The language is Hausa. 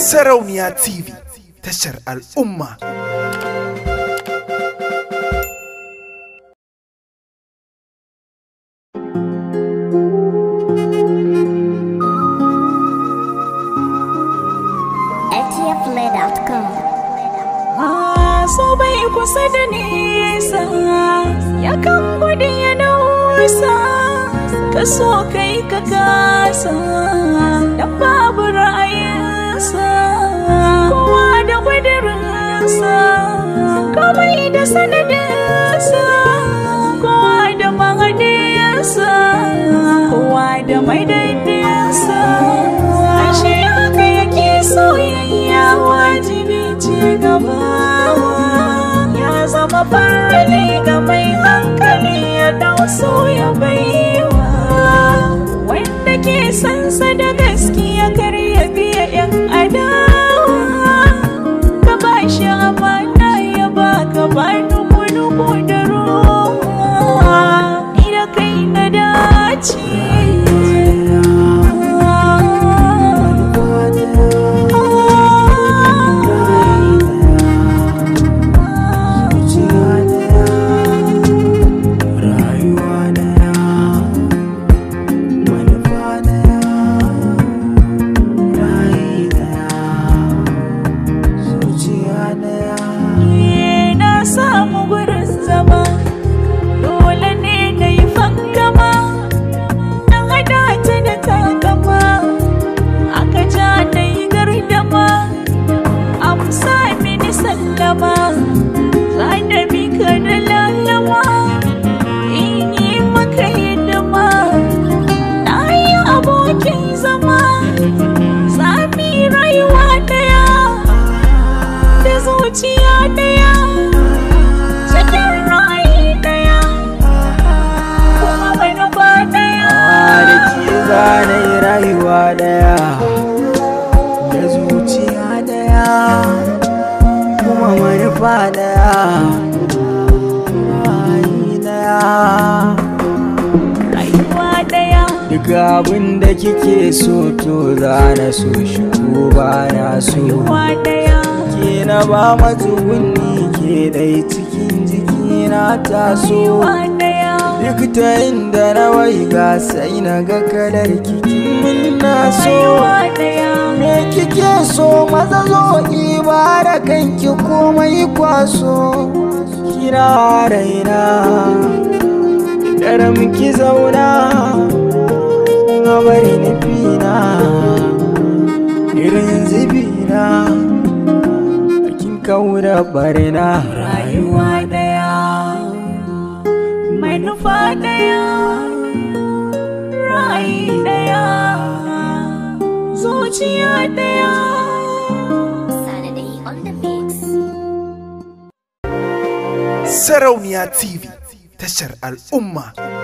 Sarauniya TV tashar al'umma. So bai kusa da nisa ya kan gudu ya nausa ka so kai ka gasa kawai da sanadinsa kowa da magadiyarsa kowa da maidadiyarsa ashe haka yake soyayya wajibi ce gaba ya zama farali ga mai hankali ya dau so ya baiwa wanda ke sansa zuciya daya cikin rai daya kuma manufa daya da ke zane rayuwa daya da zuciya daya kuma manufa daya Rayuwa daya Duk abin da kike so to zana so shi ko ba so Rayuwa daya na ba matsugunni ke dai cikin jikina ta so duk ta inda na wai ga sai na ga kalar kikin mun na so me kike so maza zo ibara kanki komai kwaso kira raina daram ki zauna bari fina, irin zibi tura barina rayuwa daya mai nufa daya rayi daya zuciya daya Sarauniya TV tashar al'umma.